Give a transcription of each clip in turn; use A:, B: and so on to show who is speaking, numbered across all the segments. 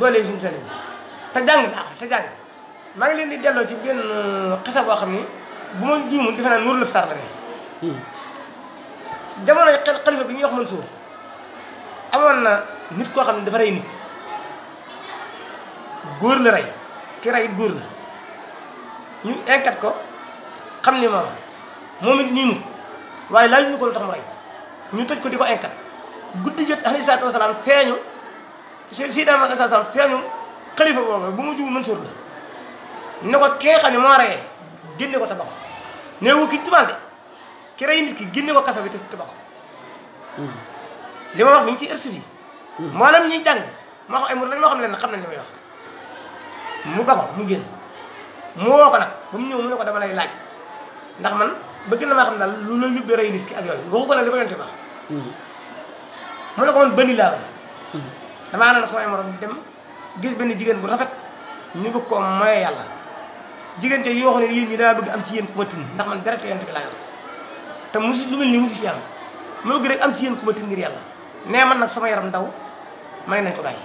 A: doole suñu sali te jàng jaaxal te jàng maa ngi leen di delloo ci benn euh, xisa boo xam ni bu ma juumul defe naa Nourou Sar la ne hmm. jamono xalifa bi ñuy wax Mansour amoon na nit koo xam ne dafa rey nit góor la rey ki góor ñu enquête ko xam ni ma moom it ñu nit waaye laaj ñu ko lu tax mu rey ñu tëj ko di ko enquête guddi jot alayhi salaatu wasalaam feeñu si daama nga sasam feeñu xalifa boobu bu mu juw Mansour bi ne ko ki nga xam ne moo reyee génne ko tabax neewu ki tubaal de ki rey nit ki génne ko kaso bi te tabax hmm. li ma wax mi ngi ci archive yi hmm. maanaam ñuy jàng ma wax ay mur lañ loo xam leen xam nañ li may wax mu ba mu génn mu woo nag ba mu ñëw mu ne ko dama lay laaj ndax man bëgg na maa xam daal lu la yóbbee rey nit ki ak yooyu waxu ko nag li ko yonte wax hmm. mu ne ko man bëni laa woon na dama àndal samay morom dem gis benn jigéen bu rafet ñu bëgg koo moye yàlla jigéen te yoo xam ne yéen ñi daa bëgg am ci yéen ku ma tin ndax man deret yonent bi laa yor te musu lu mel ni musu ci am ma bëgg rek am ci yéen ku ma tin ngir yàlla nee man nag sama yaram daw ma ne nañ ko bàyyi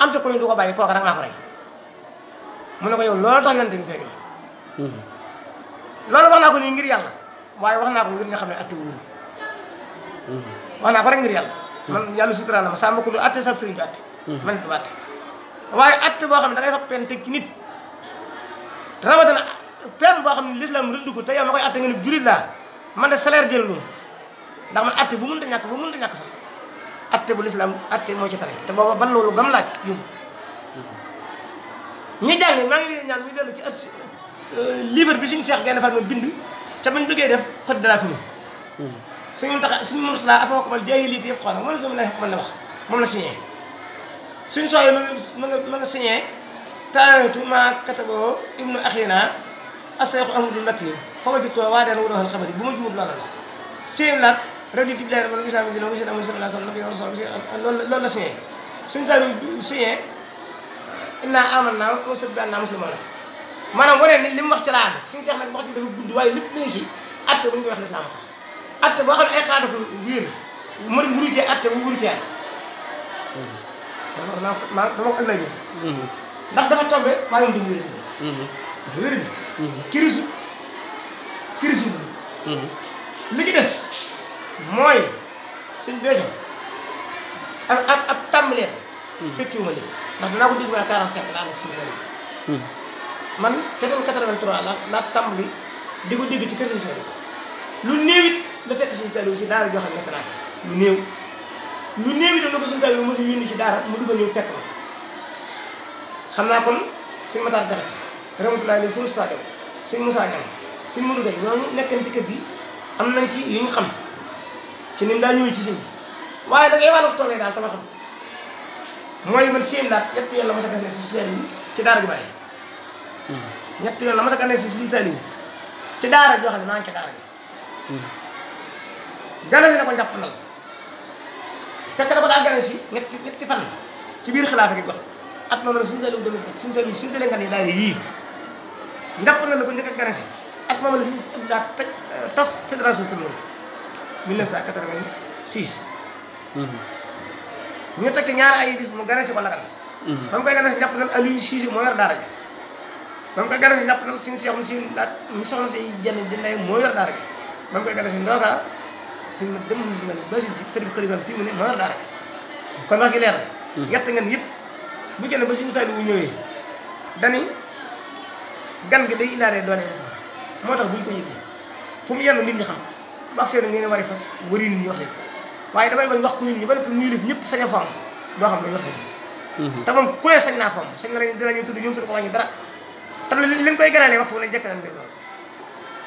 A: am te ko ne du ko bàyyi kooka nag naa ko rey mu ne ko yow loolu tax yonent bi feeñu hmm. loolu wax naa ko nii ngir yàlla waaye wax naa ko ngir ñu xam ne atti hmm. wax naa ko rek yàlla man yàlla sutura na ma sàmm ko du atte sab sëriñ du atte man du boo xam ne da ngay fa pen teg ci boo xam ne l'islam rëdd ko te yow ma atte nga laa man de salaire jël loolu ndax man atte bu mënta ñàkk bu mënta ñàkk sax atte bu moo ci tare te booba ban loolu gam laaj yóbbu ñi jàng ñaan ñu dellu ci at euh, bi suñu seex genn far ma bind bañ bëggee def code de suñu Muntaxa suñu Muntaxa afa xukumal a yëpp xoolal wala suñu lay xukumal la wax moom la signé ma nga ma nga ma nga signé taaratu maa kataboo ibnu axina aseexu amudul mbakk yi foofa jittoo waa deen wudoxal xabar yi bu ma juut loola la seen laat rajo di bilaay rabal islam dina monsieur amul sallallahu alayhi wa sallam loolu loolu la signé suñu saa yu signé li mu wax ci laa ànd suñu seex nag wax ji ci atte bu ñu ko wax lislaam tax at boo xam ne ay xalaat ko a mën nga wutee acte bu wutee ay. kon loolu maa ko maa dama ko ëllëg ndax dafa tombé maa ngi dugg wéer bi. dafa wéer bi. des mooy sëñ Béthio ab ab ab tàmbalee. fekki wu ma lépp ndax danaa ko déglu ma 45 laa nekk si sëñ man 83 la la tàmbali di ko dégg ci kër sëñ lu néewit la fekk suñu taaliw si daara joo xam ne nekk ñu néew ñu néew itam la ko suñu taaliw mos a yónni ci daara mu du fa ñëw fekk ma xam naa kon suñ mataar jaxate rahmatullahi alayhi suñu sadio suñ Moussa Niang suñ Modou Gueye ñooñu nekkan ci kër gi am nañ ci yu ñu xam ci nim daa ñëwee ci sëñ bi waaye da ngay wàllu fa tollee daal tama xam mooy man séem daal ñett yoon la ma sa gane si suñu saaliw ci daara ju bàyyi hmm. ñett yoon la ma sa gane si suñu saaliw ci daara joo xam ne maa ngi ci daara ji hmm. ganasi la ko njàppandal fekk dafa daa ganasi ñetti fan ci biir xilaafa gi got at moom la suñu saliw dana ko la ko njëkk a ganasi at moom la suñu ëpp daa euh, sa mori mhm. ay bis mu ganasi ko lagal mhm. ba mu koy ganasi njàppandal Aliou Cissé moo yor daara ji ba mu koy ganasi njàppandal suñu si laat mu soxna si jenn di ndey yor daara ji ba mu koy ganasi ndooka suñ ma dem suñu ba suñ si kër bi xalifaam fii mu ne kon wax gi leer na hmm. yett ngeen yëpp bu jëlee ba si suñu saali wu ñëwee dani gan gi day indaale doole moo tax buñ ko yëg ni fu mu yenn nit xam ko wax seen a fas wari nit ñi wax waaye damay bañ wax ko nit ñi ba noppi muy ñëpp sañ a fomm doo xam ne wax nañ hmm. te moom ku ne sañ naa fomm sañ na lañ dinañu tudd ñoom tudd ko wàññi dara te li leen koy gënalee waxtu wu ne jëkk nañ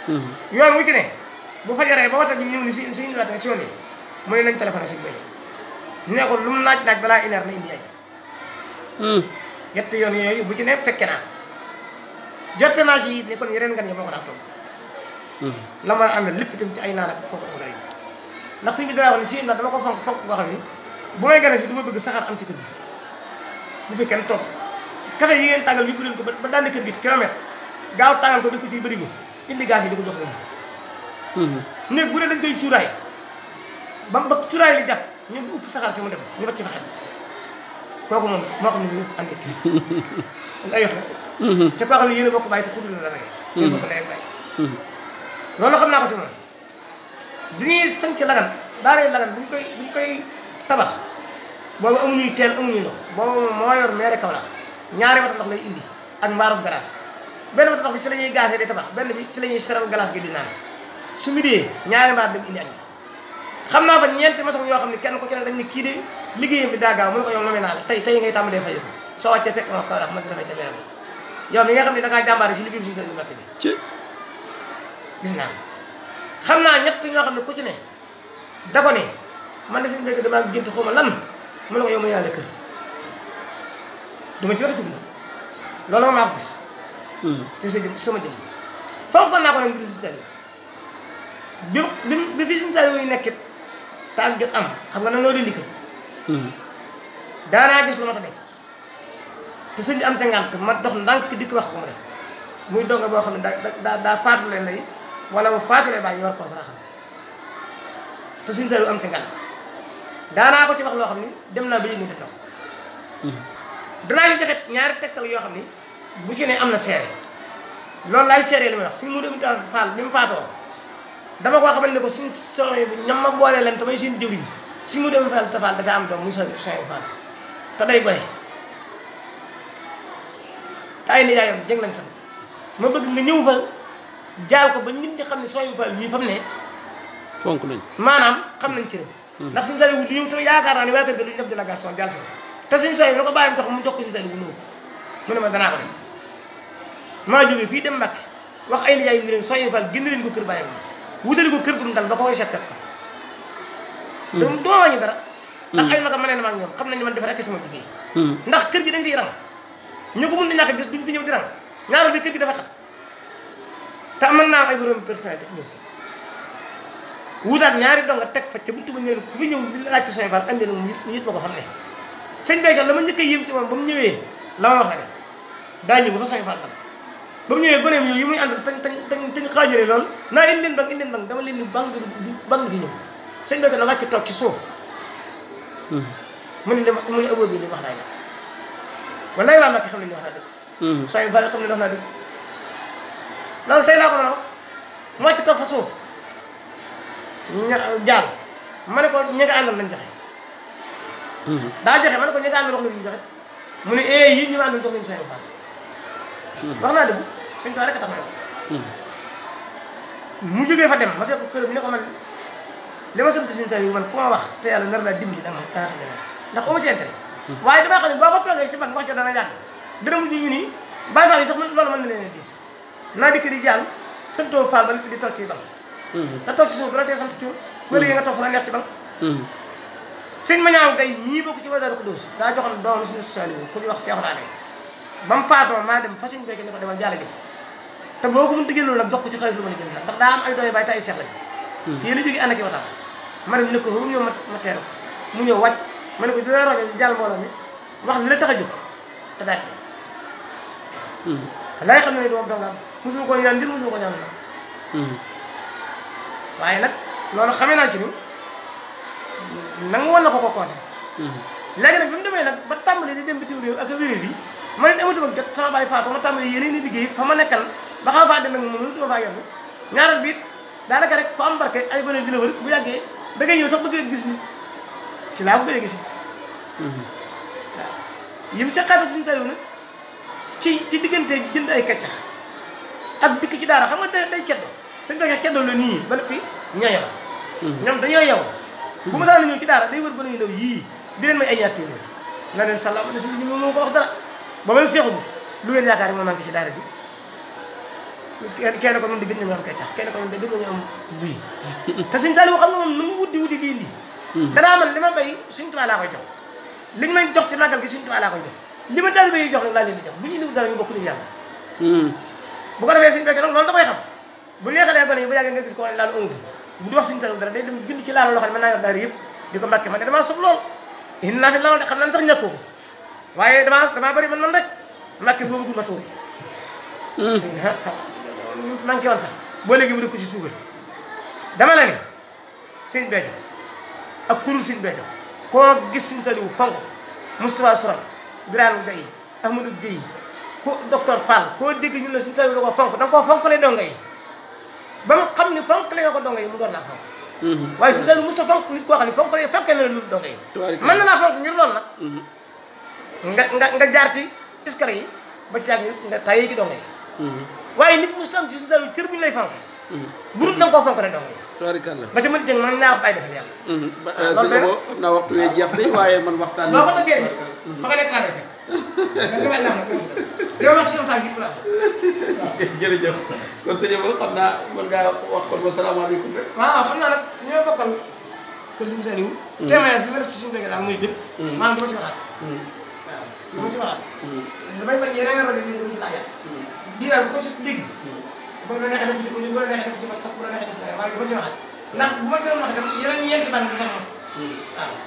A: hmm. yoon wu ci ne bu fajaree ba waxtaan bi ñëw ni si si ñu waxtaan coono yi nañ téléphoné si mbéy ne ko lu mu laaj laaj balaa une heure na indi hmm. yoon yooyu bu ci ne fekke naa jot naa ci ne kon yeneen yi hmm. la mën a àndal lépp itam ci ay naan ak kooku ak ay ndax suñ na dama ko fonk fonk nga xam ni bu may gane si du ma bëgg saxaar am ci kër gi bu fi kenn toog café yi ngeen tàngal yóbbu leen ko ba daanaka kër gi kilomètre gaaw tàngal ko def ko ci bërigo indi gaz yi di ko jox leen Mm-hmm. néeg bu ne dañ koy cuuraay ba mu ba cuuraay li jàpp ñu upp saxaar si mu def ñu rocc fa xel kooku moom moo xam ne ñu andi ay wax la mm-hmm. ca koo xam ne yéen a la dara mm-hmm. loolu xam naa ko ci moom bi ñuy sanc lagan daaree lagan bu tabax boobu amuñuy teel amuñuy ndox boobu moom moo yor meere kaw la ñaari wata ndox lay indi ak mbaarub galaas benn wata ndox bi ci la ñuy gaasee tabax benn bi ci la ñuy seral galaas gi di naan su midee ñaari mbaat dafa indi añ xam naa fa ñeenti maçon yoo xam ne kenn ko ci ne dañ ne kii de liggéeyam bi daa gaaw mu ne ko yow naa tey tey ngay tàmm dee fay ko soo wàccee fekk man dafay mi nga xam ne da ngaa si liggéey bi suñu sa gis naa xam naa ñett ñoo xam ne ci ne da man de suñu béykat damaa gént lan mu ne ko yow ma yàlla kër duma ci loolu ma maa ko gis hmm. te sa jëm sama jëm fonkoon naa ko nag ngir si bi bi bi fi suñu saali wu yu nekkit taal jot am xam nga nan loo dindi kër. Hmm. daanaa gis lu ma ta te sëñ bi am ca ngànt dox ndànk di ko wax ko mu def boo xam ne daa daa daa faatale lay wala mu faatale bàyyi war koo sëñ saali am ca ngànt daanaa ko ci wax loo xam ni dem naa ba yëngu def na ko. Hmm. danaa ñu joxe ñaari tegtal yoo xam ni bu ci ne am na seere loolu laay seere li muy wax suñu mu dem Fall bi mu faatoo. dama koo xamal ne ko suñ soxna bu ñam ma boole leen te may seen jëwriñ suñ mu dem faal tafaal dafa am doom muy soxna soxna faal te day gone te ay nijaayam jëng lañ sant ma bëgg nga ñëw fa jaal ko ba nit ñi xam ne soxna faal mii fam ne fonk nañ maanaam xam nañ cëram hmm. ndax suñu saliwu du ñëw yaakaar naa ne waa kër ga duñ def délégation jaal sax te suñu ko bàyyam mu jox ko mu ne ma danaa ko def maa jógee fii dem Mbàkke wax ay nijaay yi ni leen soxna faal génn leen ko kër bàyyam wutali ko kër gum dal ba ko koy seet fekk ko hmm. doo doo wàññi dara hmm. ndax ay magam mën ne ñoom xam nañu man defar ak sama liggéey hmm. ndax kër gi dañ fiy ñu ko mën na ñàkk gis duñ fi ñëw di rang ñaaral bi kër gi dafa xat te mën naa am ay borom personnalité ñëw wutaat ñaari donga teg fa ca buntu ba ñëw ku fi ñëw laaj ko Sëñ Fall andi na mu ñit ma ko xam ne sëñ béykat la ma njëkk a yéem ci moom ba mu ñëwee la ma wax def daa ñëw ba fa Sëñ Fall tam ba mu ñëwee gone bi yi muy ànd tañ tañ tañ tañ xaajale lool naa indi leen bang indi leen bang dama leen ni bang di bang gi ñëw sëñ bi dana wàcc toog ci suuf hmm. mu ne dama mu ne aboo bi li wax laay def wallaay waa naa dëgg hmm. tey laa ko mën a wax mu wàcc toog suuf ña jaar ma ne ko ñi nga àndal nañ joxe hmm. daa ma ne ko ñi nga àndal wax na lu ñu joxe mu ne eh yii ñu ma àndal jox nañu saa yu faale wax naa dëgg suñ too rek ko tax may hmm. mu jógee fa dem ma fekk kër bi ne ko man li ma sant suñu taal yi man ku ma wax te yàlla nar laa dimbali danga danga xam ne ndax amu ci intérêt hmm. waaye damaa xam ne boo ma toogee ci mag wax ca ñu nii yi sax man loolu mën na leen di jàll santoo faal ba noppi di toog ci bank hmm. fa la neex ci bank sëñ ma ñaaw gay mii bokk ci wadaru ko dóosi daa joxoon doomam suñu saali ku ñuy wax seexu naa ne ba mu faatoo maa dem fa sëñ béykat ni ko demal a gi te boo ko mënta jëloon nag jox ko ci xaalis lu mën a jënd nag ndax daa am ay doy bàyyi te ay seex lañu hmm. fii la jógee ànd ak ko mu ma ma mu ñëw wàcc ma ne ko jooy rojo bi wax li la tax a jóg te daaj ko laay xam ne ne doom dongaam mosuma koo ñaan njër mosuma ko ñaan hmm. waaye nag loolu xamee naa ci ni nangu woon na ko hmm. ba tàmbali di dem ak yi ma leen amatuma jot sama bàyyi faatu ma tàmbali yéeneen ma nekkal ba xaw faa dem nag moom mënut ma faa yàgg ñaareel bi it daanaka rek ku am barke ay gone di la wër bu yàggee da ngay ñëw sax bëgg gis ni si laa ko gëj a gis. waaw mhm. yim seqaat ak suñu sariw nag ci ci diggante jënd ay kaccax ak dikk ci daara xam nga day day ceddo suñu doxee ceddo la nii ba lépp ñaaya la. ñoom dañoo yow. Mhm. bu ma saa la ñëw ci daara day wër gone yu ndaw yii di na leen salaam alaykum ñu ko wax dara ba lu ngeen yaakaar ne moom maa ngi ci daara ji. kenn ko noonu di gën nañu am kecax kenn ko noonu di gën nañu am buy te sëñ Saliou xam nga moom nu mu wuti wuti di indi hmm. man li ma bay sëñ Tuubaa laa ko jox liñ may jox ci màggal gi sëñ Tuubaa laa koy jox li ma taalibe yi jox nag laa leen di bu ñu indiwul dara ñu bokk ni yàlla hmm. bu ko defee sëñ da koy xam bu neexalee gone yi ba yàggee nga gis ko wane laal ëngu bu di wax sëñ Saliou dara day dem bind ci laal loo xam ne mën naa yor daal yëpp di ko mbàkke man damaa sob lool in naa fi laal xam naan sax ñàkkoo ko waaye damaa damaa bëri man man rek mbàkke boobu gu ma tuuri hmm. sëñ bi ah, manqué woon sax boo léegi mu di ko ci suukar dama la ne sëñ Béthio ak kurul sëñ Béthio koo gis sëñ Saliou fonk ko Moustapha Sourang Birane Gueye Amadou ko docteur Fall koo dégg ñun la sëñ Saliou da ko fonk da nga koo fonk lay donga yi ba mu xam ni fonk la nga ko donga yi mu doon laa fonk mhm. waaye sëñ Saliou Moustapha fonk nit koo xam ne fonk la fonkee na la lu donga yi mën na laa fonk ngir loolu nag mhm. nga jaar ci escalier yi ba ci nga tayee ci donga yi mhm. waaye nit mu tam ci suñu cër bu ñu lay fanke mm-hmm. burut na nga koo fank man ko bàyyi defal yàlla mm-hmm. euh, sëñ bo waxtaan boo ko dëggee fa nga nekk la yow si saa yëpp laa jërëjëf ngaa wax kon wa salaamaaleykum rek waaw xam naa nag ñu bokkal kër suñu Saliou mm-hmm. témoignage bi ma def ci suñu béykat daal mooy bépp maanaam dama ci waxaat waaw dama ci waxaat damay man yeneen rajo yi dama ci laajal diiraan bu ko ci dégg bu la neexee def ci audio bu la neexee def ci WhatsApp bu la neexee def waaye du ma ci waxaat ndax bu ma gënoon wax itam yeneen yent baan bi nga xam hmm.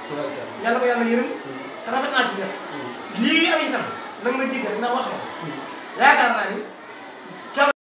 A: waaw yàlla ko yàlla yërëm hmm. te rafet naa si def hmm. lii am itam nag ma dégg rek ndax wax na yaakaar naa ni